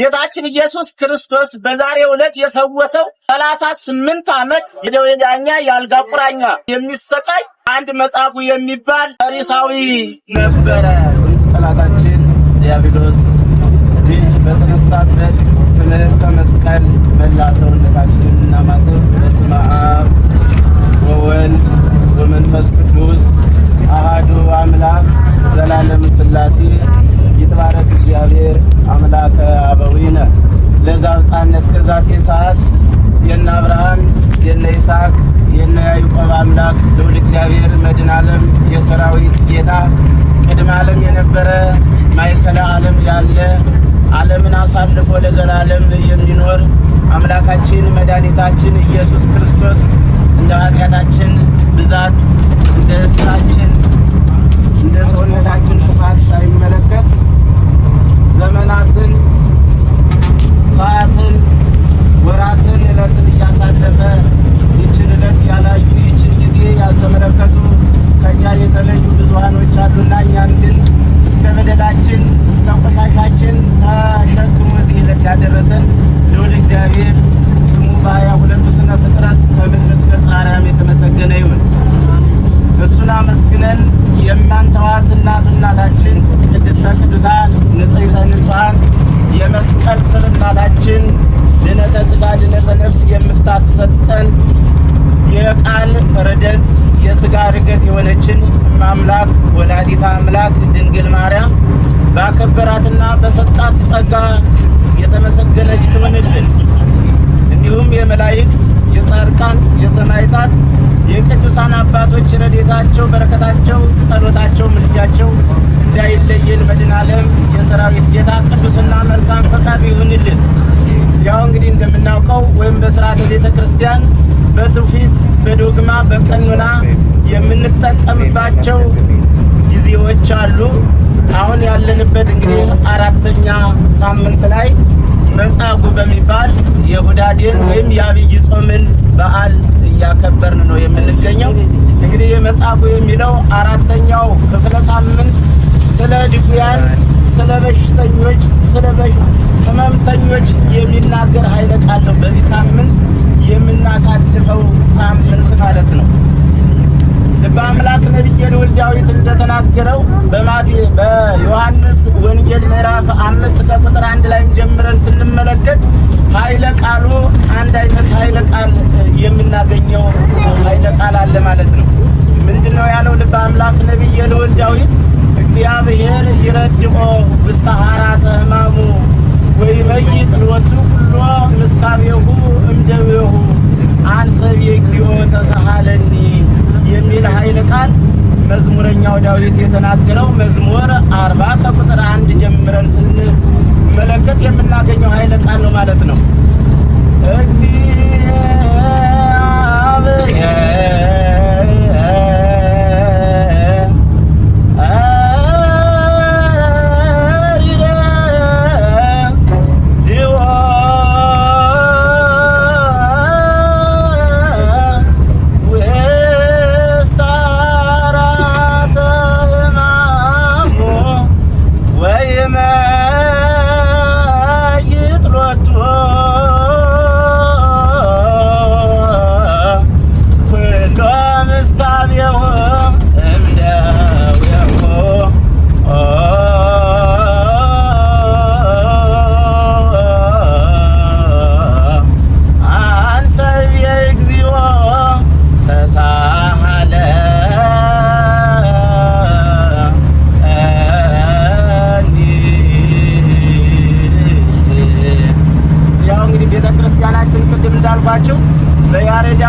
ጌታችን ኢየሱስ ክርስቶስ በዛሬ ዕለት የፈወሰው ሰላሳ ስምንት ዓመት የደዌ ዳኛ የአልጋ ቁራኛ የሚሰቃይ አንድ መጽሐፉ የሚባል ፈሪሳዊ ነበረ። ጠላታችን ዲያብሎስ ድል በተነሳበት ትምህርት መስቀል መላ ሰውነታችንን እናማትብ። በስመ አብ ወወልድ በመንፈስ ቅዱስ አህዶ አምላክ ዘላለም ሥላሴ ይትባረክ እግዚአብሔር አምላከ አበዊነ ለዛብፃነ እስከዛቴ ሰዓት የነ አብርሃም የነ ይስሐቅ የነ ያዕቆብ አምላክ ልዑል እግዚአብሔር መድን ዓለም የሰራዊት ጌታ ቅድመ ዓለም የነበረ ማይከለ ዓለም ያለ ዓለምን አሳልፎ ለዘላለም የሚኖር አምላካችን መድኃኒታችን ኢየሱስ ክርስቶስ እንደ ኃጢአታችን ቤት ጌታ ቅዱስና መልካም ፈቃዱ ይሁንልን። ያው እንግዲህ እንደምናውቀው ወይም በስርዓተ ቤተ ክርስቲያን በትውፊት በዶግማ በቀኖና የምንጠቀምባቸው ጊዜዎች አሉ። አሁን ያለንበት እንግዲህ አራተኛ ሳምንት ላይ መጻጉዕ በሚባል የሁዳዴን ወይም የአብይ ጾምን በዓል እያከበርን ነው የምንገኘው። እንግዲህ የመጻጉዕ የሚለው አራተኛው ክፍለ ሳምንት ስለ ድውያን፣ ስለ በሽተኞች፣ ስለ ህመምተኞች የሚናገር ኃይለ ቃል ነው። በዚህ ሳምንት የምናሳልፈው ሳምንት ማለት ነው። ልበ አምላክ ነቢየ ልዑል ዳዊት እንደተናገረው በዮሐንስ ወንጌል ምዕራፍ አምስት ከቁጥር አንድ ላይ ጀምረን ስንመለከት ኃይለ ቃሉ አንድ አይነት ኃይለ ቃል የምናገኘው ኃይለ ቃል አለ ማለት ነው። ምንድን ነው ያለው? ልበ አምላክ ነቢየ ልዑል ዳዊት እግዚአብሔር ይረድኦ ውስተ ሐራተ ሕማሙ ወይመይት ሎቱ ኩሎ ምስካቤሁ እምደዌሁ አንሰብ የእግዚኦ ተሰሃለኒ የሚል ኃይለ ቃል መዝሙረኛው ዳዊት የተናገረው መዝሙር አርባ ከቁጥር አንድ ጀምረን ስንመለከት የምናገኘው ኃይለ ቃል ነው ማለት ነው። እግዚአብሔር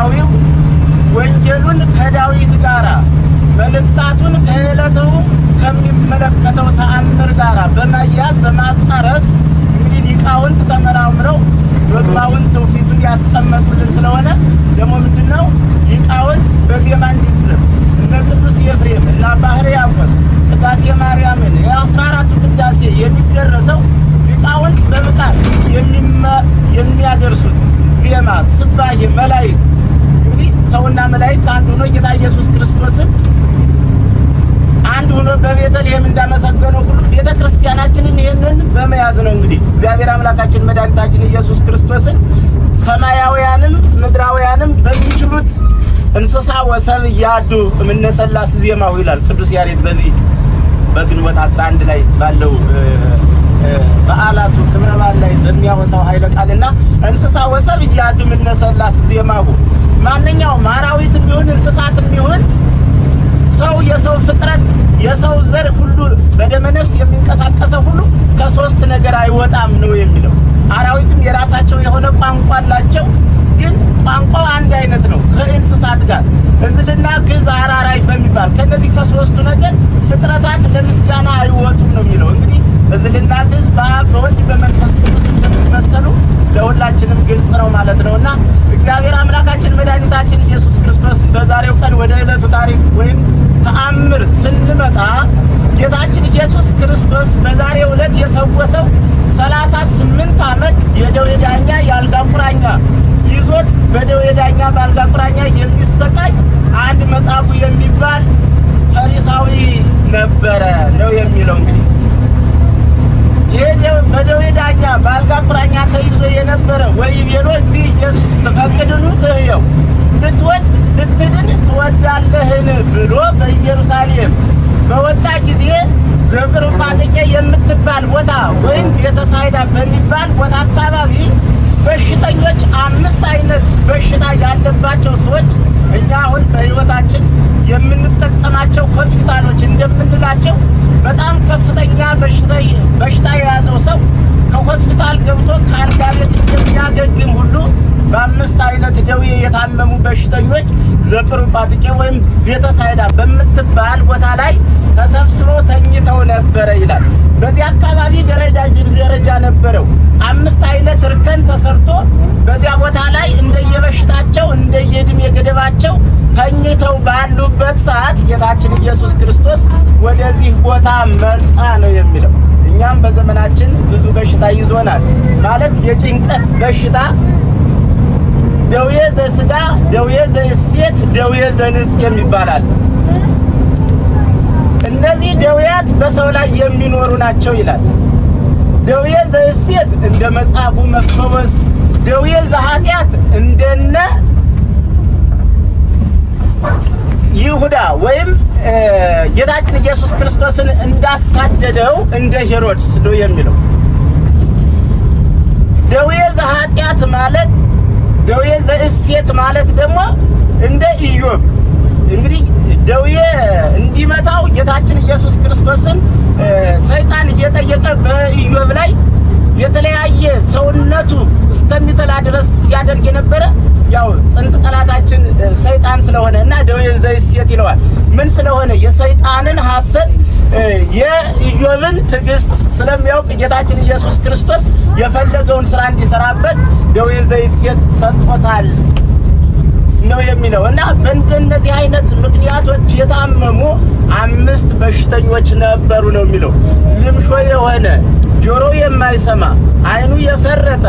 ኢትዮጵያዊው ወንጀሉን ከዳዊት ጋራ መልእክታቱን ከዕለቱ ከሚመለከተው ተአምር ጋራ በመያዝ በማጣረስ እንግዲህ ሊቃውንት ተመራምረው ዶግማውን ትውፊቱን ያስቀመጡልን ስለሆነ ደግሞ ምንድን ነው ሊቃውንት በዜማ እንዲዝም እነ ቅዱስ ኤፍሬም እና ባህር ያቆስ ቅዳሴ ማርያምን የአስራ አራቱ ቅዳሴ የሚደረሰው ሊቃውንት በብቃት የሚያደርሱት ዜማ ስባሄ መላይት ሰውና መላእክት አንድ ሆኖ ጌታ ኢየሱስ ክርስቶስን አንድ ሆኖ በቤተልሔም እንዳመሰገነው ሁሉ ቤተ ክርስቲያናችንን ይህንን በመያዝ ነው እንግዲህ እግዚአብሔር አምላካችን መድኃኒታችን ኢየሱስ ክርስቶስን ሰማያውያንም ምድራውያንም በሚችሉት እንስሳ ወሰብ እያዱ እምነሰላስ ዜማው ይላል ቅዱስ ያሬድ በዚህ በግንቦት 11 ላይ ባለው በዓላቱ ክብረ በዓል ላይ በሚያወሳው ኃይለ ቃልና እንስሳ ወሰብ እያዱ ምነሰላስ ዜማሁ ማንኛውም አራዊት የሚሆን እንስሳት የሚሆን ሰው የሰው ፍጥረት የሰው ዘር ሁሉ በደመ ነፍስ የሚንቀሳቀሰው ሁሉ ከሶስት ነገር አይወጣም ነው የሚለው። አራዊትም የራሳቸው የሆነ ቋንቋ አላቸው፣ ግን ቋንቋው አንድ አይነት ነው ከእንስሳት ጋር እዝልና ግዝ አራራይ በሚባል ከእነዚህ ከሶስቱ ነገር ፍጥረታት ለምስጋና አይወጡም ነው የሚለው እንግዲህ እዚህ እናንተ ህዝብ በአብ በወልድ በመንፈስ ቅዱስ እንደሚመሰሉ ለሁላችንም ግልጽ ነው ማለት ነው እና እግዚአብሔር አምላካችን መድኃኒታችን ኢየሱስ ክርስቶስ በዛሬው ቀን ወደ ዕለቱ ታሪክ ወይም ተአምር ስንመጣ ጌታችን ኢየሱስ ክርስቶስ በዛሬው ዕለት የፈወሰው ሰላሳ ስምንት ዓመት የደዌ ዳኛ የአልጋ ቁራኛ ይዞት በደዌ ዳኛ በአልጋ ቁራኛ የሚሰቃይ አንድ መጻጉዕ የሚባል ፈሪሳዊ ነበረ ነው የሚለው እንግዲህ በደዌ ዳኛ በአልጋ ቁራኛ ተይዞ የነበረ ወይቤሎ እግዚእ ኢየሱስ ትፈቅድኑ ትህየው ልትወድ ልትድን ትወዳለህን ብሎ በኢየሩሳሌም በወጣ ጊዜ ዘብርባጥቄ የምትባል ቦታ ወይም ቤተሳይዳ በሚባል ቦታ አካባቢ በሽተኞች አምስት አይነት በሽታ ያለባቸው ሰዎች እኛ አሁን በሕይወታችን የምንጠቀማቸው ሆስፒታሎች እንደምንላቸው በጣም ከፍተኛ በሽታ የያዘው ሰው ከሆስፒታል ገብቶ ከአንድ አመት የሚያገግም ሁሉ በአምስት አይነት ደዌ የታመሙ በሽተኞች ዘጥር ጳጥቄ ወይም ቤተሳይዳ በምትባል ቦታ ላይ ተሰብስበው ተኝተው ነበረ ይላል። አካባቢ ደረጃ ደረጃ ነበረው። አምስት አይነት እርከን ተሰርቶ በዚያ ቦታ ላይ እንደየበሽታቸው እንደየእድሜ ገደባቸው ተኝተው ባሉበት ሰዓት ጌታችን ኢየሱስ ክርስቶስ ወደዚህ ቦታ መጣ ነው የሚለው። እኛም በዘመናችን ብዙ በሽታ ይዞናል። ማለት የጭንቀት በሽታ ደውየ ዘስጋ ደውየ ዘሴት፣ ደውየ ዘንጽ የሚባላል እነዚህ ደውያት በሰው ላይ የሚኖሩ ናቸው ይላል። ደዌ ዘእሴት እንደ መጻጉ መፈወስ፣ ደዌ ዘኃጢአት እንደነ ይሁዳ ወይም ጌታችን ኢየሱስ ክርስቶስን እንዳሳደደው እንደ ሄሮድስ ነው የሚለው። ደውየ ዘኃጢአት ማለት ደውየ ዘእሴት ማለት ደግሞ እንደ ኢዮብ እንግዲህ ደዌ እንዲመታው ጌታችን ኢየሱስ ክርስቶስን ሰይጣን እየጠየቀ በኢዮብ ላይ የተለያየ ሰውነቱ እስከሚጠላ ድረስ ሲያደርግ የነበረ ያው ጥንት ጠላታችን ሰይጣን ስለሆነ እና ደዌን ዘይሴት ይለዋል። ምን ስለሆነ የሰይጣንን ሐሰት የኢዮብን ትዕግስት ስለሚያውቅ ጌታችን ኢየሱስ ክርስቶስ የፈለገውን ስራ እንዲሰራበት ደዌን ዘይሴት ሰጥቶታል። ነው የሚለው እና በእንደነዚህ አይነት ምክንያቶች የታመሙ አምስት በሽተኞች ነበሩ ነው የሚለው ልምሾ የሆነ ጆሮ የማይሰማ አይኑ የፈረጠ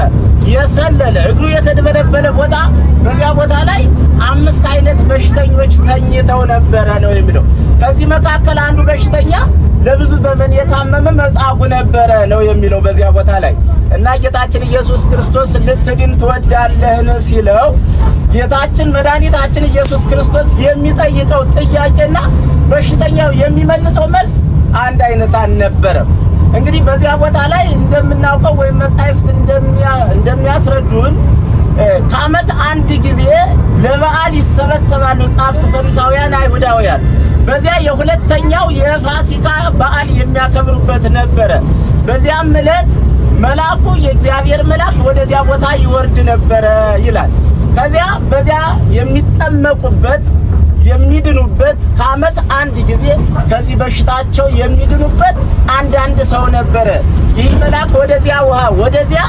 የሰለለ እግሩ የተደበደበለ ቦታ በዚያ ቦታ ላይ አምስት አይነት በሽተኞች ተኝተው ነበረ ነው የሚለው። ከዚህ መካከል አንዱ በሽተኛ ለብዙ ዘመን የታመመ መጻጉ ነበረ ነው የሚለው በዚያ ቦታ ላይ እና ጌታችን ኢየሱስ ክርስቶስ ልትድን ትወዳለህን ሲለው ጌታችን መድኃኒታችን ኢየሱስ ክርስቶስ የሚጠይቀው ጥያቄና በሽተኛው የሚመልሰው መልስ አንድ አይነት አልነበረም። እንግዲህ በዚያ ቦታ ላይ እንደምናውቀው ወይም መጻሕፍት እንደሚያስረዱን ከዓመት አንድ ጊዜ ለበዓል ይሰበሰባሉ ጻፍት ፈሪሳውያን፣ አይሁዳውያን። በዚያ የሁለተኛው የፋሲካ በዓል የሚያከብሩበት ነበረ። በዚያም ዕለት መልአኩ የእግዚአብሔር መልአክ ወደዚያ ቦታ ይወርድ ነበረ ይላል። ከዚያ በዚያ የሚጠመቁበት የሚድኑበት ከዓመት አንድ ጊዜ ከዚህ በሽታቸው የሚድኑበት አንዳንድ ሰው ነበረ። ይህ መልአክ ወደዚያ ውሃ ወደዚያ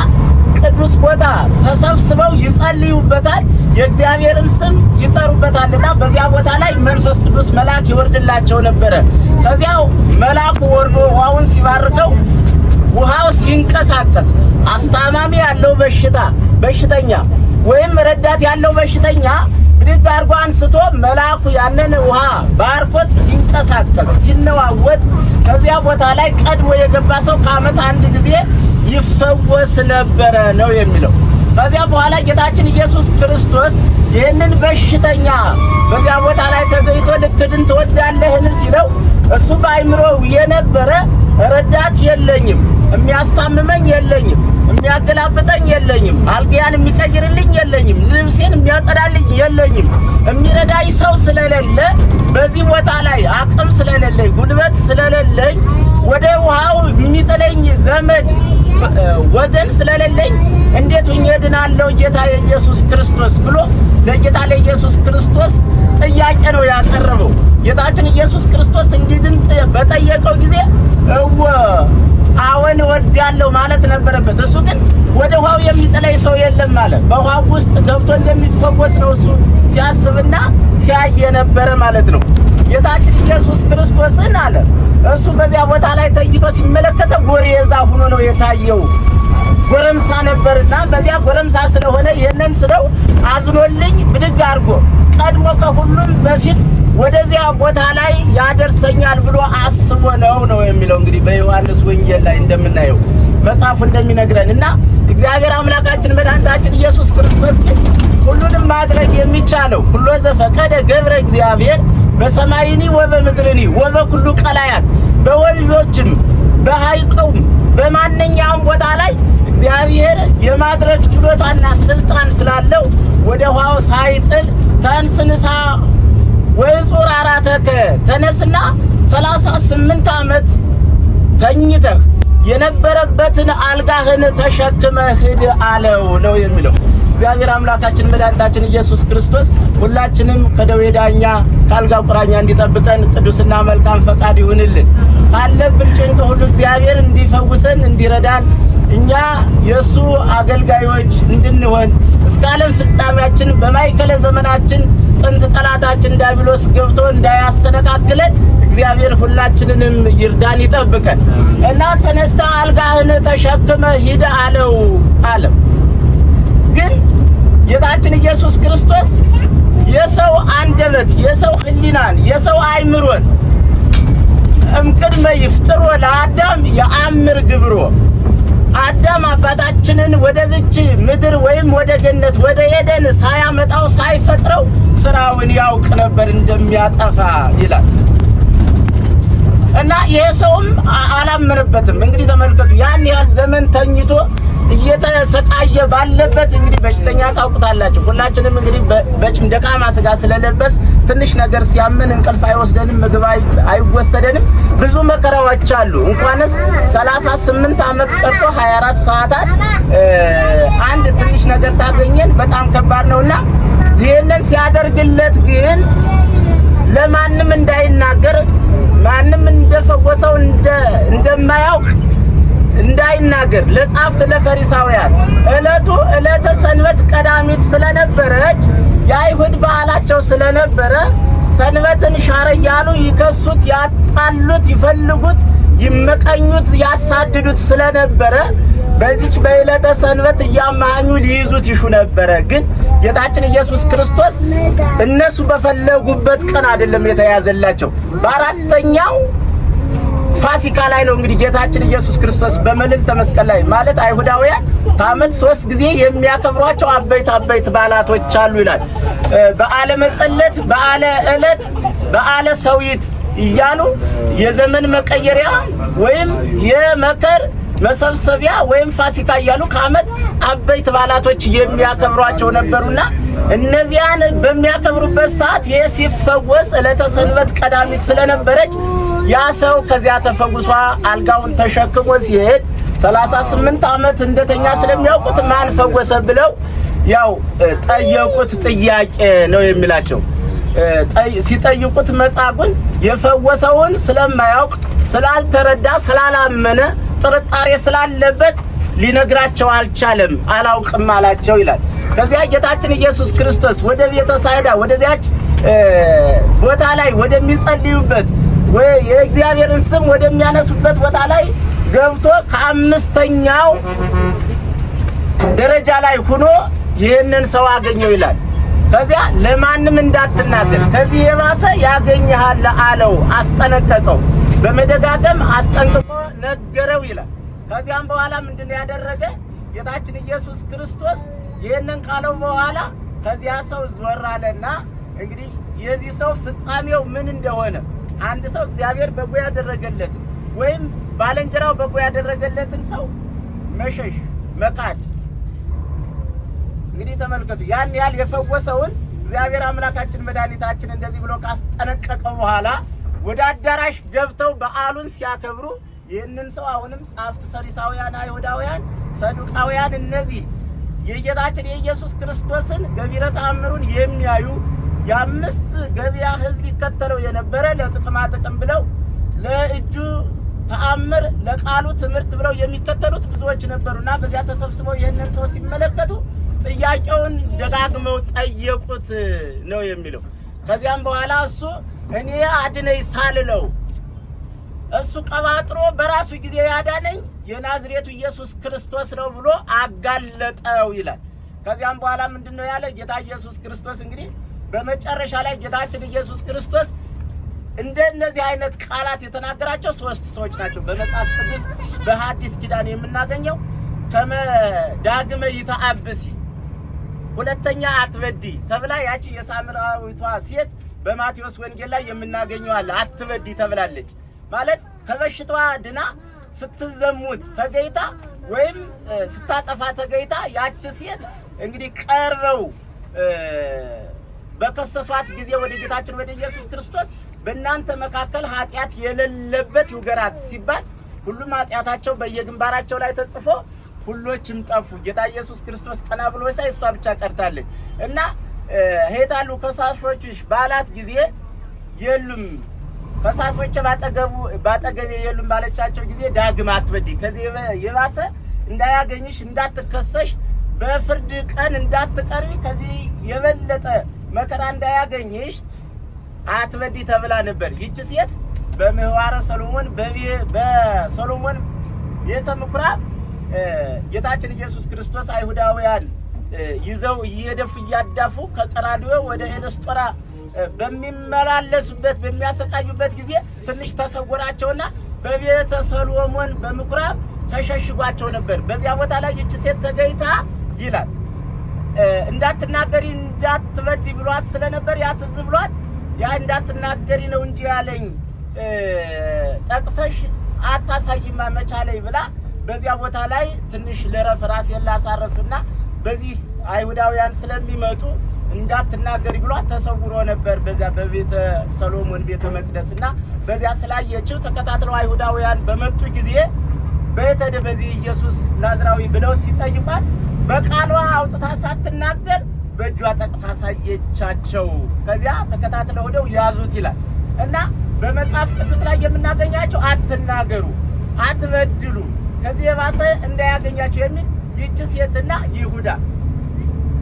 ቅዱስ ቦታ ተሰብስበው ይጸልዩበታል፣ የእግዚአብሔርን ስም ይጠሩበታልና በዚያ ቦታ ላይ መንፈስ ቅዱስ መልአክ ይወርድላቸው ነበረ። ከዚያው መልአኩ ወርዶ ውሃውን ሲባርከው ውሃው ሲንቀሳቀስ አስታማሚ ያለው በሽታ በሽተኛ ወይም ረዳት ያለው በሽተኛ ብድግ አድርጎ አንስቶ መልአኩ ያንን ውሃ ባርኮት ሲንቀሳቀስ ሲነዋወጥ ከዚያ ቦታ ላይ ቀድሞ የገባ ሰው ከዓመት አንድ ጊዜ ይፈወስ ነበረ ነው የሚለው። ከዚያ በኋላ ጌታችን ኢየሱስ ክርስቶስ ይህንን በሽተኛ በዚያ ቦታ ላይ ተገኝቶ ልትድን ትወዳለህን ሲለው እሱ በአይምሮው የነበረ ረዳት የለኝም የሚያስታምመኝ የለኝም፣ የሚያገላብጠኝ የለኝም፣ አልጋዬን የሚቀይርልኝ የለኝም፣ ልብሴን የሚያጸዳልኝ የለኝም። የሚረዳኝ ሰው ስለሌለ በዚህ ቦታ ላይ አቅም ስለሌለኝ፣ ጉልበት ስለሌለኝ፣ ወደ ውሃው የሚጥለኝ ዘመድ ወገን ስለሌለኝ እንዴት ሁኜ ድናለው ጌታ የኢየሱስ ክርስቶስ ብሎ ለጌታ ለኢየሱስ ክርስቶስ ጥያቄ ነው ያቀረበው። ጌታችን ኢየሱስ ክርስቶስ እንዲድን በጠየቀው ጊዜ እወ አዎን እወዳለሁ ማለት ነበረበት። እሱ ግን ወደ ውሃው የሚጥለኝ ሰው የለም ማለት በውሃው ውስጥ ገብቶ እንደሚፈወስ ነው እሱ ሲያስብና ሲያይ የነበረ ማለት ነው። ጌታችን ኢየሱስ ክርስቶስን አለ እሱ በዚያ ቦታ ላይ ተኝቶ ሲመለከተ ጎሬዛ ሁኖ ነው የታየው። ጎረምሳ ነበርና በዚያ ጎረምሳ ስለሆነ ይህንን ስለው አዝኖልኝ ብድግ አድርጎ ቀድሞ ከሁሉም በፊት ወደዚያ ቦታ ላይ ያደርሰኛል ብሎ አስቦ ነው ነው የሚለው እንግዲህ በዮሐንስ ወንጌል ላይ እንደምናየው መጽሐፉ እንደሚነግረን እና እግዚአብሔር አምላካችን መድኃኒታችን ኢየሱስ ክርስቶስ ሁሉንም ማድረግ የሚቻለው ሁሎ ዘፈቀደ ገብረ እግዚአብሔር በሰማይኒ ወበምድርኒ ወበኩሉ ቀላያት በወልጆችም በሐይቁም በማንኛውም ቦታ ላይ እግዚአብሔር የማድረግ ችሎታና ስልጣን ስላለው ወደ ውሃው ሳይጥል ተንስንሳ ወይጹር አራተከ ተነስና ሰላሳ ስምንት ዓመት ተኝተህ የነበረበትን አልጋህን ተሸክመህ ሂድ አለው ነው የሚለው። እግዚአብሔር አምላካችን መድኃኒታችን ኢየሱስ ክርስቶስ ሁላችንም ከደዌ ዳኛ ከአልጋ ቁራኛ እንዲጠብቀን ቅዱስና መልካም ፈቃድ ይሁንልን። ካለብን ጭንቅ ሁሉ እግዚአብሔር እንዲፈውሰን እንዲረዳን እኛ የእሱ አገልጋዮች እንድንሆን እስከ ዓለም ፍጻሜያችን በማይከለ ዘመናችን ጥንት ጠላታችን ዲያብሎስ ገብቶ እንዳያሰነቃክለን እግዚአብሔር ሁላችንንም ይርዳን ይጠብቀን እና ተነስተ አልጋህን ተሸክመ ሂደ አለው አለም። ግን ጌታችን ኢየሱስ ክርስቶስ የሰው አንደበት የሰው ህሊናን የሰው አይምሮን እምቅድመ ይፍጥሮ ለአዳም የአምር ግብሮ አዳም አባታችንን ወደዚች ምድር ወይም ወደ ገነት ወደ ኤደን ሳያመጣው ሳይፈጥረው ስራውን ያውቅ ነበር እንደሚያጠፋ ይላል እና ይሄ ሰውም አላመነበትም። እንግዲህ ተመልከቱ፣ ያን ያህል ዘመን ተኝቶ እየተሰቃየ ባለበት እንግዲህ በሽተኛ ታውቁታላችሁ። ሁላችንም እንግዲህ በጭም ደካማ ስጋ ስለለበስ ትንሽ ነገር ሲያመን እንቅልፍ አይወስደንም፣ ምግብ አይወሰደንም። ብዙ መከራዎች አሉ። እንኳንስ 38 ዓመት ቀርቶ 24 ሰዓታት አንድ ትንሽ ነገር ታገኘን በጣም ከባድ ነውና ይህንን ሲያደርግለት ግን ለማንም እንዳይናገር ማንም እንደፈወሰው እንደማያውቅ እንዳይናገር ለጻፍት ለፈሪሳውያን እለቱ እለተ ሰንበት ቀዳሚት ስለነበረች የአይሁድ ባህላቸው ስለነበረ ሰንበትን ሻረ እያሉ ይከሱት፣ ያጣሉት፣ ይፈልጉት፣ ይመቀኙት፣ ያሳድዱት ስለነበረ በዚች በዕለተ ሰንበት እያማኙ ሊይዙት ይሹ ነበረ። ግን ጌታችን ኢየሱስ ክርስቶስ እነሱ በፈለጉበት ቀን አይደለም የተያዘላቸው በአራተኛው ፋሲካ ላይ ነው እንግዲህ ጌታችን ኢየሱስ ክርስቶስ በመልዕልተ መስቀል ላይ ማለት አይሁዳውያን በዓመት ሶስት ጊዜ የሚያከብሯቸው አበይት አበይት በዓላቶች አሉ ይላል። በዓለ መጸለት፣ በዓለ ዕለት፣ በዓለ ሰዊት እያሉ የዘመን መቀየሪያ ወይም የመከር መሰብሰቢያ ወይም ፋሲካ እያሉ ከዓመት አበይት በዓላቶች የሚያከብሯቸው ነበሩና እነዚያን በሚያከብሩበት ሰዓት ይህ ሲፈወስ ዕለተ ሰንበት ቀዳሚት ስለነበረች ያ ሰው ከዚያ ተፈጉሷ አልጋውን ተሸክሞ ሲሄድ 38 ዓመት እንደተኛ ስለሚያውቁት ማልፈወሰ ብለው ያው ጠየቁት። ጥያቄ ነው የሚላቸው ሲጠይቁት መጻጉን የፈወሰውን ስለማያውቅ ስላልተረዳ፣ ስላላመነ፣ ጥርጣሬ ስላለበት ሊነግራቸው አልቻለም። አላውቅም አላቸው ይላል። ከዚያ ጌታችን ኢየሱስ ክርስቶስ ወደ ቤተ ሳይዳ ወደዚያች ቦታ ላይ ወደሚጸልዩበት የእግዚአብሔርን ስም ወደሚያነሱበት ቦታ ላይ ገብቶ ከአምስተኛው ደረጃ ላይ ሆኖ ይህንን ሰው አገኘው ይላል። ከዚያ ለማንም እንዳትናገር ከዚህ የባሰ ያገኘሃል አለው፣ አስጠነቀቀው። በመደጋገም አስጠንቅቆ ነገረው ይላል። ከዚያም በኋላ ምንድን ነው ያደረገ? ጌታችን ኢየሱስ ክርስቶስ ይህንን ካለው በኋላ ከዚያ ሰው ዞር አለና እንግዲህ የዚህ ሰው ፍጻሜው ምን እንደሆነ አንድ ሰው እግዚአብሔር በጎ ያደረገለት ወይም ባለንጀራው በጎ ያደረገለትን ሰው መሸሽ፣ መካድ። እንግዲህ ተመልከቱ፣ ያን ያህል የፈወሰውን እግዚአብሔር አምላካችን መድኃኒታችን እንደዚህ ብሎ ካስጠነቀቀ በኋላ ወደ አዳራሽ ገብተው በዓሉን ሲያከብሩ ይህንን ሰው አሁንም ጻፍት ፈሪሳውያን፣ አይሁዳውያን፣ ሰዱቃውያን እነዚህ የጌታችን የኢየሱስ ክርስቶስን ገቢረ ተአምሩን የሚያዩ የአምስት ገበያ ህዝብ ይከተለው የነበረ ለጥቅማ ጥቅም ብለው ለእጁ ተአምር ለቃሉ ትምህርት ብለው የሚከተሉት ብዙዎች ነበሩና በዚያ ተሰብስበው ይህንን ሰው ሲመለከቱ ጥያቄውን ደጋግመው ጠየቁት ነው የሚለው። ከዚያም በኋላ እሱ እኔ አድነኝ ሳልለው እሱ ቀባጥሮ በራሱ ጊዜ ያዳነኝ የናዝሬቱ ኢየሱስ ክርስቶስ ነው ብሎ አጋለጠው ይላል። ከዚያም በኋላ ምንድን ነው ያለ ጌታ ኢየሱስ ክርስቶስ እንግዲህ በመጨረሻ ላይ ጌታችን ኢየሱስ ክርስቶስ እንደነዚህ አይነት ቃላት የተናገራቸው ሶስት ሰዎች ናቸው። በመጽሐፍ ቅዱስ በሐዲስ ኪዳን የምናገኘው ከመ ዳግመ ይተአብሲ ሁለተኛ አትበዲ ተብላ ያቺ የሳምራዊቷ ሴት በማቴዎስ ወንጌል ላይ የምናገኘው አትበዲ ተብላለች ማለት ከበሽታዋ ድና ስትዘሙት ተገይታ ወይም ስታጠፋ ተገይታ ያቺ ሴት እንግዲህ ቀረው በከሰሷት ጊዜ ወደ ጌታችን ወደ ኢየሱስ ክርስቶስ በእናንተ መካከል ኃጢአት የሌለበት ይውገራት ሲባል ሁሉም ኃጢአታቸው በየግንባራቸው ላይ ተጽፎ ሁሎችም ጠፉ። ጌታ ኢየሱስ ክርስቶስ ቀና ብሎ ሳይ እሷ ብቻ ቀርታለች እና ሄታሉ ከሳሾችሽ ባላት ጊዜ የሉም ከሳሾች ባጠገቡ ባጠገቤ የሉም ባለቻቸው ጊዜ ዳግም አትበዲ ከዚህ የባሰ እንዳያገኝሽ እንዳትከሰሽ፣ በፍርድ ቀን እንዳትቀርቢ፣ ከዚህ የበለጠ መከራ እንዳያገኝሽ አትበዲ ተብላ ነበር። ይቺ ሴት በምህዋረ ሰሎሞን በሰሎሞን ቤተ ምኩራብ ጌታችን ኢየሱስ ክርስቶስ አይሁዳውያን ይዘው እየደፉ እያዳፉ ከቀራንዮ ወደ ኤለስጦራ በሚመላለሱበት በሚያሰቃዩበት ጊዜ ትንሽ ተሰወራቸውና በቤተ ሰሎሞን በምኩራብ ተሸሽጓቸው ነበር። በዚያ ቦታ ላይ ይቺ ሴት ተገይታ ይላል እንዳትናገሪ እንዳትበድ ብሏት ስለነበር ያ ትዝ ብሏት ያ እንዳትናገሪ ነው እንጂ ያለኝ ጠቅሰሽ አታሳይማ መቻለኝ ብላ በዚያ ቦታ ላይ ትንሽ ልረፍ ራሴን ላሳረፍና በዚህ አይሁዳውያን ስለሚመጡ እንዳትናገሪ ብሏት ተሰውሮ ነበር በዚያ በቤተ ሰሎሞን ቤተ መቅደስና በዚያ ስላየችው ተከታትለው አይሁዳውያን በመጡ ጊዜ በየተደ በዚህ ኢየሱስ ናዝራዊ ብለው ሲጠይቋት በቃሏ አውጥታ ሳትናገር በእጇ ጠቅሳ ሳየቻቸው፣ ከዚያ ተከታትለው ሄደው ያዙት ይላል እና በመጽሐፍ ቅዱስ ላይ የምናገኛቸው አትናገሩ፣ አትበድሉ፣ ከዚህ የባሰ እንዳያገኛቸው የሚል ይህች ሴትና ይሁዳ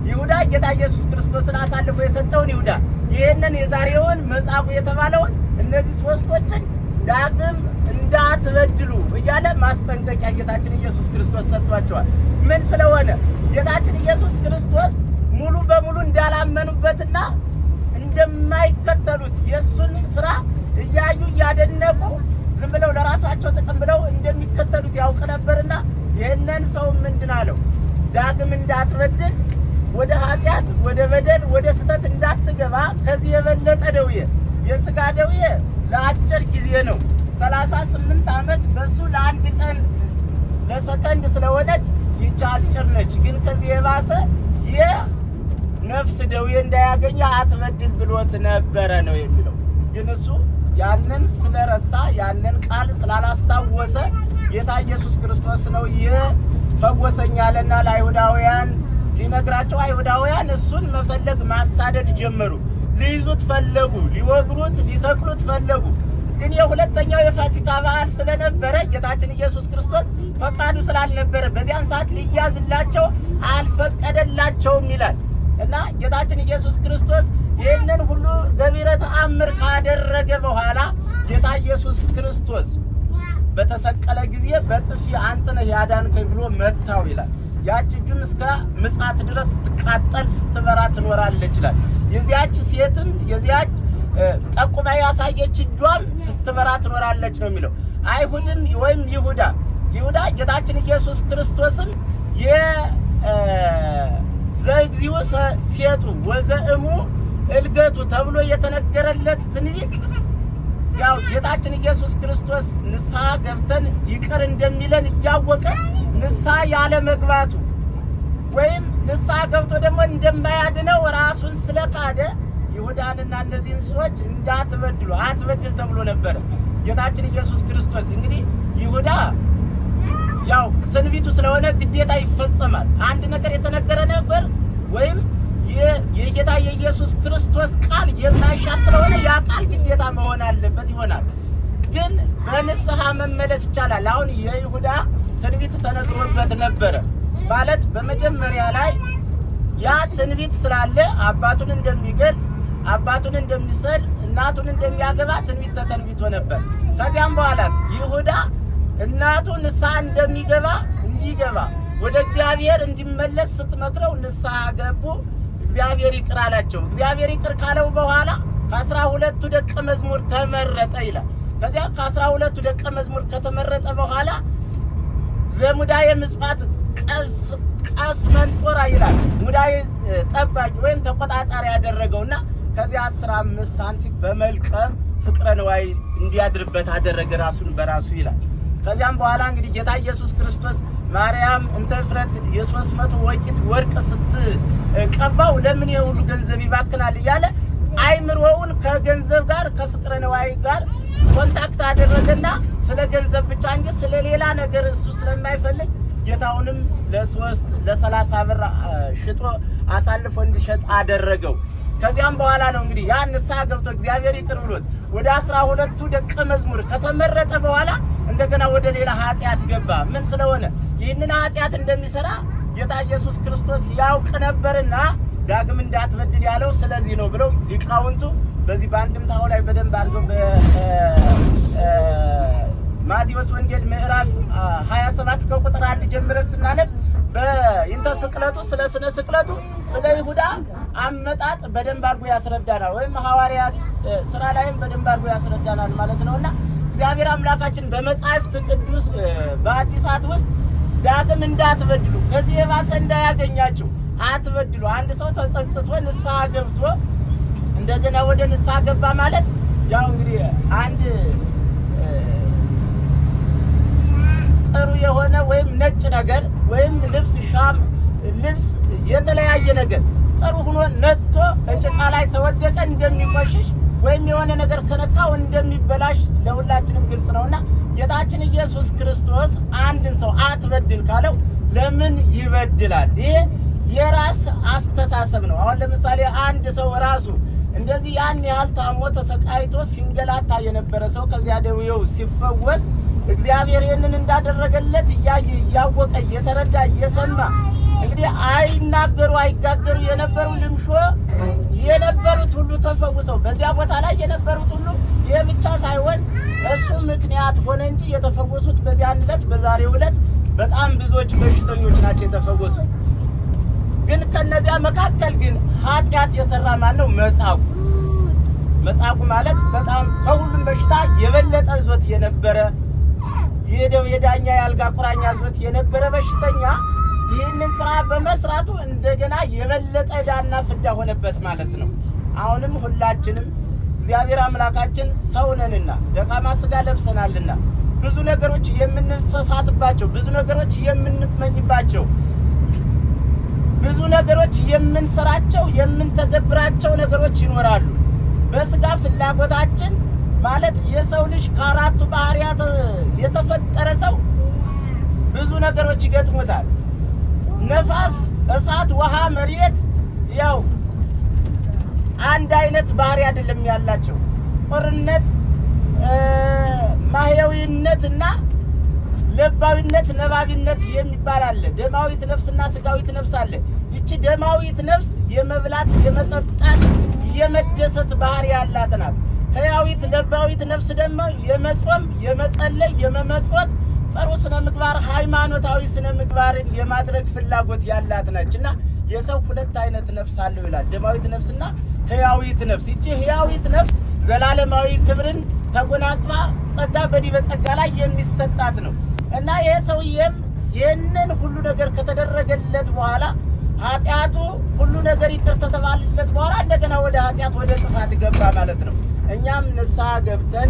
ይሁዳ ጌታ ኢየሱስ ክርስቶስን አሳልፎ የሰጠውን ይሁዳ ይህንን የዛሬውን መጻጉዕ የተባለውን እነዚህ ሶስቶችን ዳግም እንዳትበድሉ እያለ ማስጠንቀቂያ ጌታችን ኢየሱስ ክርስቶስ ሰጥቷቸዋል። ምን ስለሆነ ጌታችን ኢየሱስ ክርስቶስ ሙሉ በሙሉ እንዳላመኑበትና እንደማይከተሉት የእሱን ስራ እያዩ እያደነቁ ዝም ብለው ለራሳቸው ጥቅም ብለው እንደሚከተሉት ያውቅ ነበርና ይህንን ሰው ምንድን አለው? ዳግም እንዳትበድል፣ ወደ ኃጢአት፣ ወደ በደል፣ ወደ ስህተት እንዳትገባ ከዚህ የበለጠ ደውዬ የሥጋ ደዌ ለአጭር ጊዜ ነው። ሰላሳ ስምንት አመት በሱ ለአንድ ቀን ለሰከንድ ስለሆነች ይቻ አጭር ነች። ግን ከዚህ የባሰ የነፍስ ደዌ እንዳያገኘ አትበድል ብሎት ነበረ ነው የሚለው። ግን እሱ ያንን ስለረሳ ያንን ቃል ስላላስታወሰ ጌታ ኢየሱስ ክርስቶስ ነው ይፈወሰኝ ለአይሁዳውያን ሲነግራቸው አይሁዳውያን እሱን መፈለግ ማሳደድ ጀመሩ። ሊይዙት ፈለጉ፣ ሊወግሩት፣ ሊሰቅሉት ፈለጉ። ግን የሁለተኛው የፋሲካ በዓል ስለነበረ ጌታችን ኢየሱስ ክርስቶስ ፈቃዱ ስላልነበረ በዚያን ሰዓት ሊያዝላቸው አልፈቀደላቸውም ይላል እና ጌታችን ኢየሱስ ክርስቶስ ይህንን ሁሉ ገቢረ ተአምር ካደረገ በኋላ ጌታ ኢየሱስ ክርስቶስ በተሰቀለ ጊዜ በጥፊ አንተ ነህ ያዳንከኝ ብሎ መታው ይላል። ያች እጁም እስከ ምጽአት ድረስ ስትቃጠል ስትበራ ትኖራለች ይላል። የዚያች ሴትን የዚያች ጠቁማ ያሳየች እጇም ስትበራ ትኖራለች ነው የሚለው። አይሁድም ወይም ይሁዳ ይሁዳ ጌታችን ኢየሱስ ክርስቶስም የዘግዚው ሴቱ ወዘእሙ እልገቱ ተብሎ የተነገረለት ትንቢት ያው ጌታችን ኢየሱስ ክርስቶስ ንስሐ ገብተን ይቅር እንደሚለን እያወቀ ንስሐ ያለ መግባቱ ወይም ንስሐ ገብቶ ደግሞ እንደማያድነው ራሱን ስለካደ ይሁዳንና እነዚህን ሰዎች እንዳትበድሉ አትበድል ተብሎ ነበረ። ጌታችን ኢየሱስ ክርስቶስ እንግዲህ ይሁዳ ያው ትንቢቱ ስለሆነ ግዴታ ይፈጸማል። አንድ ነገር የተነገረ ነገር ወይም የጌታ የኢየሱስ ክርስቶስ ቃል የማይሻር ስለሆነ ያ ቃል ግዴታ መሆን አለበት ይሆናል። ግን በንስሐ መመለስ ይቻላል። አሁን የይሁዳ ትንቢት ተነግሮበት ነበረ። ማለት በመጀመሪያ ላይ ያ ትንቢት ስላለ አባቱን እንደሚገል አባቱን እንደሚሰል እናቱን እንደሚያገባ ትንቢት ተተንቢቶ ነበር። ከዚያም በኋላስ ይሁዳ እናቱ ንስሐ እንደሚገባ እንዲገባ ወደ እግዚአብሔር እንዲመለስ ስትመክረው ንስሐ ገቡ። እግዚአብሔር ይቅር አላቸው። እግዚአብሔር ይቅር ካለው በኋላ ከአስራ ሁለቱ ደቀ መዝሙር ተመረጠ ይላል። ከዚያ ከአስራ ሁለቱ ደቀ መዝሙር ከተመረጠ በኋላ ዘሙዳ የምጽዋት ቀስ መንጦራ ይላል ሙዳይ ጠባቂ ወይም ተቆጣጣሪ ያደረገውና ከዚያ አስራ አምስት ሳንቲም በመልቀም ፍቅረ ነዋይ እንዲያድርበት አደረገ ራሱን በራሱ ይላል። ከዚያም በኋላ እንግዲህ ጌታ ኢየሱስ ክርስቶስ ማርያም እንተ እፍረት የሶስት መቶ ወቂት ወርቅ ስትቀባው ለምን የሁሉ ገንዘብ ይባክናል እያለ አይምሮውን ከገንዘብ ጋር ከፍቅረ ነዋይ ጋር ኮንታክት አደረገና ስለ ገንዘብ ብቻ እንጂ ስለሌላ ነገር እሱ ስለማይፈልግ ጌታውንም ለሶስት ለሰላሳ ብር ሽጦ አሳልፎ እንዲሸጥ አደረገው። ከዚያም በኋላ ነው እንግዲህ ያ ንስሐ ገብቶ እግዚአብሔር ይቅር ብሎት ወደ አስራ ሁለቱ ደቀ መዝሙር ከተመረጠ በኋላ እንደገና ወደ ሌላ ኃጢአት ገባ። ምን ስለሆነ ይህንን ኃጢአት እንደሚሰራ ጌታ ኢየሱስ ክርስቶስ ያውቅ ነበርና ዳግም እንዳትበድል ያለው ስለዚህ ነው ብለው ሊቃውንቱ በዚህ በአንድምታው ላይ በደንብ አድርገው ማቴዎስ ወንጌል ምዕራፍ 27 ከቁጥር አንድ ጀምረን ስናነብ በይንተ ስቅለቱ ስለ ስነ ስቅለቱ ስለ ይሁዳ አመጣጥ በደንብ አድርጎ ያስረዳናል። ወይም ሐዋርያት ስራ ላይም በደንብ አድርጎ ያስረዳናል ማለት ነውና እግዚአብሔር አምላካችን በመጽሐፍት ቅዱስ በአዲሳት ውስጥ ዳግም እንዳትበድሉ ከዚህ የባሰ እንዳያገኛችሁ አትበድሉ። አንድ ሰው ተጸጽቶ ንስሐ ገብቶ እንደገና ወደ ንስሐ ገባ ማለት ያው እንግዲህ አንድ ጥሩ የሆነ ወይም ነጭ ነገር ወይም ልብስ ሻም፣ ልብስ የተለያየ ነገር ጥሩ ሆኖ ነጽቶ ጭቃ ላይ ተወደቀ እንደሚቆሽሽ ወይም የሆነ ነገር ከነካው እንደሚበላሽ ለሁላችንም ግልጽ ነውና ጌታችን ኢየሱስ ክርስቶስ አንድን ሰው አትበድል ካለው ለምን ይበድላል? ይሄ የራስ አስተሳሰብ ነው። አሁን ለምሳሌ አንድ ሰው ራሱ እንደዚህ ያን ያህል ታሞ ተሰቃይቶ ሲንገላታ የነበረ ሰው ከዚያ ደውየው ሲፈወስ እግዚአብሔር ይህንን እንዳደረገለት እያየ እያወቀ እየተረዳ እየሰማ እንግዲህ አይናገሩ አይጋገሩ የነበሩ ልምሾ የነበሩት ሁሉ ተፈውሰው በዚያ ቦታ ላይ የነበሩት ሁሉ ይህ ብቻ ሳይሆን እሱ ምክንያት ሆነ እንጂ የተፈወሱት በዚያን ዕለት በዛሬው ዕለት በጣም ብዙዎች በሽተኞች ናቸው የተፈወሱት። ግን ከነዚያ መካከል ግን ኃጢአት የሰራ ማን ነው? መጻጉ መጻጉ ማለት በጣም ከሁሉም በሽታ የበለጠ ዞት የነበረ የዳኛ የአልጋ ቁራኛ ዞት የነበረ በሽተኛ ይህንን ስራ በመስራቱ እንደገና የበለጠ ዳና ፍዳ ሆነበት ማለት ነው። አሁንም ሁላችንም እግዚአብሔር አምላካችን ሰው ነንና ደካማ ስጋ ለብሰናልና ብዙ ነገሮች የምንሰሳትባቸው፣ ብዙ ነገሮች የምንመኝባቸው፣ ብዙ ነገሮች የምንሰራቸው፣ የምንተገብራቸው ነገሮች ይኖራሉ። በስጋ ፍላጎታችን ማለት የሰው ልጅ ከአራቱ ባህሪያት የተፈጠረ ሰው ብዙ ነገሮች ይገጥሙታል። ነፋስ፣ እሳት፣ ውሃ፣ መሬት ያው አንድ አይነት ባህሪ አይደለም ያላቸው። ጦርነት፣ ማህያዊነት እና ለባዊነት ነባቢነት የሚባል አለ። ደማዊት ነፍስና ስጋዊት ነፍስ አለ። ይቺ ደማዊት ነፍስ የመብላት፣ የመጠጣት፣ የመደሰት ባህሪ ያላት ናት። ህያዊት ለባዊት ነፍስ ደግሞ የመጾም የመጸለይ የመመጽወት ጥሩ ስነ ምግባር ሃይማኖታዊ ስነ ምግባርን የማድረግ ፍላጎት ያላት ነች እና የሰው ሁለት አይነት ነፍስ አለው ይላል። ደማዊት ነፍስና ህያዊት ነፍስ። ይቺ ህያዊት ነፍስ ዘላለማዊ ክብርን ተጎናጽፋ ጸጋ በዲበ ጸጋ ላይ የሚሰጣት ነው እና ይህ ሰውዬም ይህንን ሁሉ ነገር ከተደረገለት በኋላ ኃጢአቱ ሁሉ ነገር ይቅር ተተባለለት በኋላ እንደገና ወደ ኃጢአት ወደ ጥፋት ገባ ማለት ነው። እኛም ንስሐ ገብተን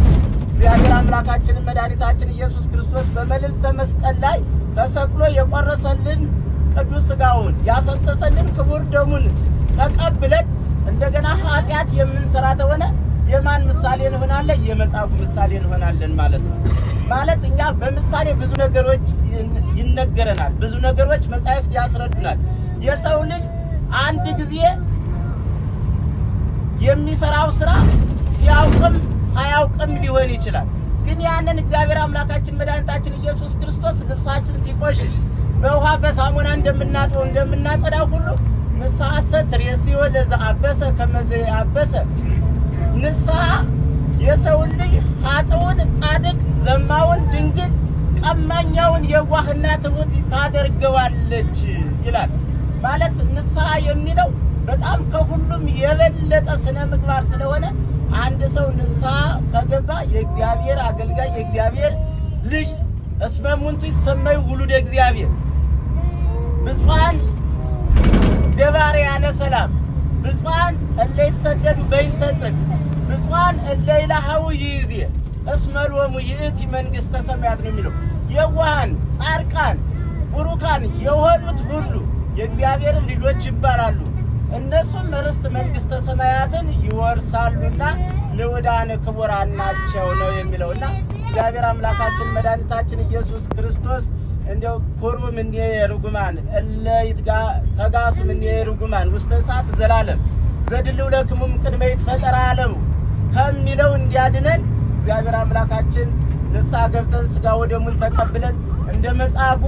እግዚአብሔር አምላካችንን መድኃኒታችን ኢየሱስ ክርስቶስ በመልዕልተ መስቀል ላይ ተሰቅሎ የቆረሰልን ቅዱስ ሥጋውን ያፈሰሰልን ክቡር ደሙን ተቀብለን እንደገና ኃጢአት የምንሰራ ተሆነ የማን ምሳሌ እንሆናለን? የመጽሐፉ ምሳሌ እንሆናለን ማለት ነው። ማለት እኛ በምሳሌ ብዙ ነገሮች ይነገረናል፣ ብዙ ነገሮች መጻሕፍት ያስረዱናል። የሰው ልጅ አንድ ጊዜ የሚሰራው ስራ ሲያውቅም ሳያውቅም ሊሆን ይችላል። ግን ያንን እግዚአብሔር አምላካችን መድኃኒታችን ኢየሱስ ክርስቶስ ልብሳችን ሲቆሽሽ በውሃ በሳሙና እንደምናጠው እንደምናጸዳው ሁሉ ንስሐሰ ትሬስዮ አበሰ ከመዘ አበሰ ንስሐ የሰውን ልጅ ኃጥኡን ጻድቅ፣ ዘማውን ድንግል፣ ቀማኛውን የዋህና ትሑት ታደርገዋለች ይላል። ማለት ንስሐ የሚለው በጣም ከሁሉም የበለጠ ስነ ምግባር ስለሆነ አንድ ሰው ንስሐ ከገባ የእግዚአብሔር አገልጋይ የእግዚአብሔር ልጅ እስመ ሙንቱ ይሰመዩ ውሉደ እግዚአብሔር ብፁዓን ገባርያነ ሰላም ብፁዓን እለ ይሰደዱ በይንተ ጽድቅ ብፁዓን እለ ይላሃው ይይዜ እስመ ሎሙ ይእቲ መንግሥተ ሰማያት ነው የሚለው የዋሃን ጻድቃን ቡሩካን የሆኑት ሁሉ የእግዚአብሔርን ልጆች ይባላሉ። እነሱም ርስት መንግሥተ ሰማያትን ይወርሳሉና ልዑዳን ክቡራን ናቸው ነው የሚለውና እግዚአብሔር አምላካችን መድኃኒታችን ኢየሱስ ክርስቶስ እንዲያው ኩሩ ምን ርጉማን እለ ይትጋ ተጋሱ ምን ርጉማን ውስተ እሳት ዘላለም ዘድልው ለክሙም ቅድመ ይትፈጠር ዓለሙ ከሚለው እንዲያድነን እግዚአብሔር አምላካችን ንስሐ ገብተን ስጋ ወደሙን ተቀብለን እንደ መጻጉ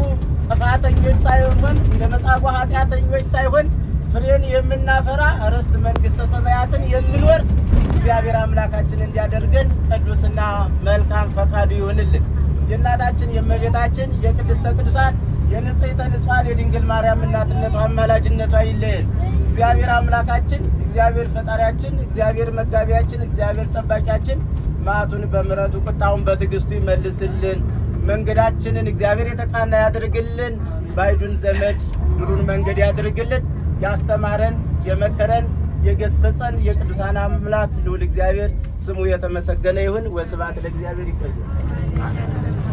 ጥፋተኞች ሳይሆን እንደ መጻጉ ኃጢአተኞች ሳይሆን ፍሬን የምናፈራ ርስት መንግስተ ሰማያትን የምንወርስ እግዚአብሔር አምላካችን እንዲያደርገን ቅዱስና መልካም ፈቃዱ ይሆንልን። የእናታችን የእመቤታችን የቅድስተ ቅዱሳን የንጽሕተ ንጹሐን የድንግል ማርያም እናትነቷ አማላጅነቷ ይለየን። እግዚአብሔር አምላካችን እግዚአብሔር ፈጣሪያችን እግዚአብሔር መጋቢያችን እግዚአብሔር ጠባቂያችን ማቱን በምሕረቱ ቁጣውን በትዕግስቱ ይመልስልን። መንገዳችንን እግዚአብሔር የተቃና ያድርግልን። ባይዱን ዘመድ ድሩን መንገድ ያድርግልን። ያስተማረን የመከረን የገሰጸን የቅዱሳን አምላክ ልዑል እግዚአብሔር ስሙ የተመሰገነ ይሁን። ወስብሐት ለእግዚአብሔር ይቆያል።